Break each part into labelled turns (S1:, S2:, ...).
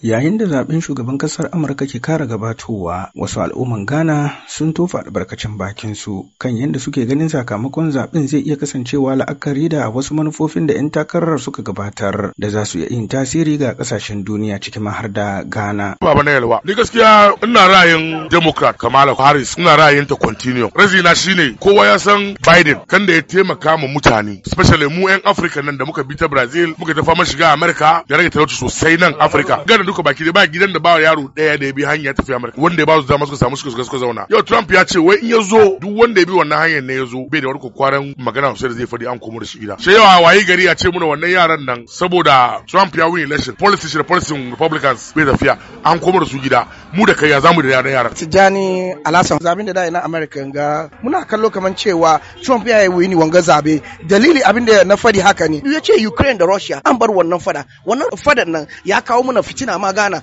S1: Yayin da zaɓen shugaban kasar Amurka ke kara gabatowa, wasu al'umman Ghana sun tofa albarkacin bakin su kan yadda suke ganin sakamakon zaɓen zai iya kasancewa la'akari da wasu manufofin da 'yan takarar suka gabatar da za su iya yin tasiri ga kasashen duniya cikin har da Ghana. Baba
S2: na yalwa, ni gaskiya ina ra'ayin Democrat Kamala Harris, ina ra'ayin ta continue. na shine kowa ya san Biden kan da ya taimaka ma mutane, especially mu 'yan Afirka nan da muka bi ta Brazil, muka tafa mashiga shiga Amerika, ya rage talauci sosai nan Afirka. duka baki da ba gidan da ba yaro daya da ya bi hanya tafiya Amurka wanda ya ba su dama suka samu suka suka zauna yo Trump ya ce wai in ya zo duk wanda ya bi wannan hanyar ne ya zo bai da wani kwaran magana sosai da zai faɗi an komo da shi gida sai yawa wayi gari ya ce muna wannan yaran nan saboda Trump ya win election policy shi da policy Republicans bai tafiya an komo da su gida mu da kai ya zamu da yaran yaran Tijani Alasan zabin da dai
S1: na American ga muna kallo kaman cewa Trump ya yi wani wanga zabe dalili abin da na fadi haka ne ya ce Ukraine da Russia an bar wannan fada wannan fadan nan ya kawo muna fitina ma Ghana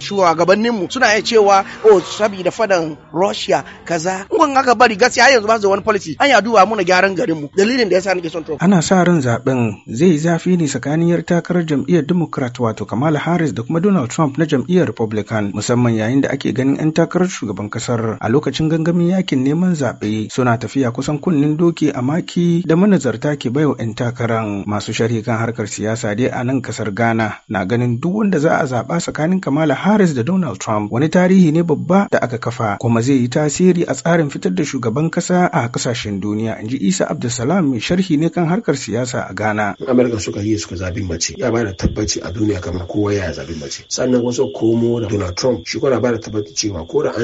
S1: mu suna iya cewa oh saboda fadan Russia kaza in aka bari gaskiya har yanzu ba su da wani policy an ya duba muna gyaran garin mu dalilin da yasa nake son Trump ana sa ran zaben zai yi zafi ne tsakanin yar takarar jam'iyyar Democrat wato Kamala Harris da kuma Donald Trump na jam'iyyar Republican musamman yayin da ake ganin 'yan takarar shugaban kasar a lokacin gangamin yakin neman zaɓe suna tafiya kusan kunnen doki a maki da manazarta ke baiwa 'yan takaran masu sharhi kan harkar siyasa dai a nan kasar Ghana na ganin duk wanda za a zaɓa tsakanin Kamala Harris da Donald Trump wani tarihi ne babba da aka kafa kuma zai yi tasiri a tsarin fitar da shugaban kasa a kasashen duniya in ji Isa Abdulsalam mai sharhi ne kan harkar siyasa a Ghana.
S3: Amurka suka yi suka zabi mace ya bada tabbaci a duniya kamar kowa ya zabi mace sannan wasu komo da Donald Trump shi kuma bada tabbaci cewa ko da an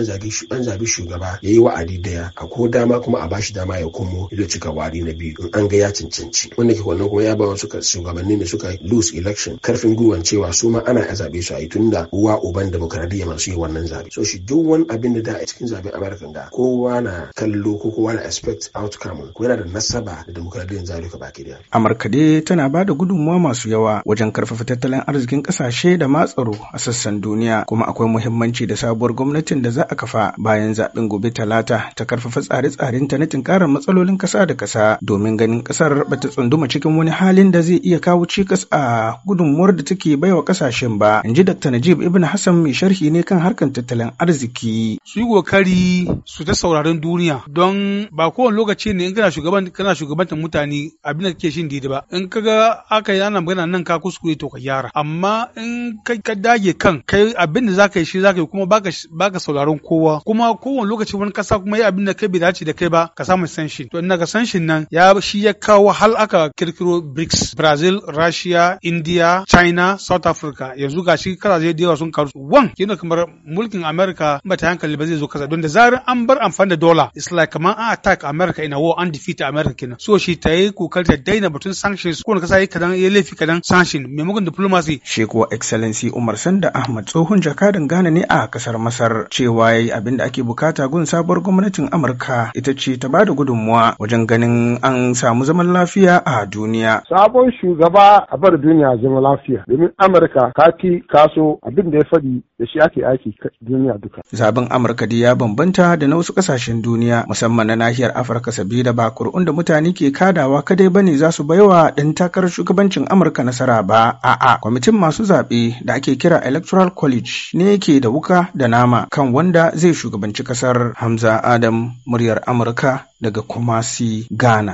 S3: zabi shugaba ya yi wa'adi daya a ko dama kuma a bashi dama ya komo ya cika wari na biyu in an ga ya cancanci wanda ke wannan kuma ya ba wasu shugabanni da suka lose election karfin gwiwan cewa su ma ana zabe su a yi tunda uwa uban demokradiyya masu yi wannan zabe so shi duk wani abin da da a cikin zabe barkan da kowa na kallo ko kowa na expect outcome ko yana da nasaba da demokradiyyar zabe ka baki daya
S1: amurka dai tana ba da gudunmuwa masu yawa wajen karfafa tattalin arzikin kasashe da ma tsaro a sassan duniya kuma akwai muhimmanci da sabuwar gwamnatin da za a kafa bayan zaben gobe talata ta karfafa tsare-tsaren ta na tinkarar matsalolin kasa da kasa domin ganin kasar ta tsunduma cikin wani halin da zai iya kawo cikas a gudunmuwar da take baiwa kasashen ba in ji dr najib Ibn Hassan mai sharhi ne kan harkar tattalin arziki. Su yi kokari
S4: su ta sauraron duniya don ba kowane lokaci ne in kana shugaban shugabantar mutane abin da kake shin daidai ba. In ka ga aka yi ana magana nan ka kuskure to ka gyara. Amma in ka dage kan kai abin da ka yi shi zaka yi kuma baka ka sauraron kowa. Kuma kowane lokaci wani kasa kuma yi abin da kai bai dace da kai ba ka samu sanshin. To ina ga sanshin nan ya shi ya kawo hal aka kirkiro BRICS Brazil, Russia, India, China, South Africa yanzu gashi kasashe da sun karu wan ne kamar mulkin america ba ta hankali ba zai zo kasa don da zarar an bar amfani da dola is like kamar an attack america ina war an defeat america kenan so shi ta yi kokar ta daina batun sanctions ko
S1: kasa yi kadan ya laifi kadan sanction maimakon diplomacy shi ko excellency umar sanda ahmad tsohon jakadan ghana ne a kasar masar cewa yayi abin da ake bukata gun sabuwar gwamnatin amurka ita ce ta ba da gudunmuwa wajen ganin an samu zaman lafiya a duniya
S3: sabon shugaba a bar duniya zama lafiya domin amurka ka ki kaso a abin da ya faɗi da shi ake aiki duniya duka.
S1: Zaben Amurka dai ya bambanta da na wasu ƙasashen duniya musamman na nahiyar Afirka sabida ba kur'un da mutane ke kadawa kadai ba ne za su baiwa ɗan takarar shugabancin Amurka nasara ba a'a kwamitin masu zaɓe da ake kira Electoral College ne ke da wuka da nama kan wanda zai shugabanci ƙasar Hamza Adam muryar Amurka daga Kumasi Ghana.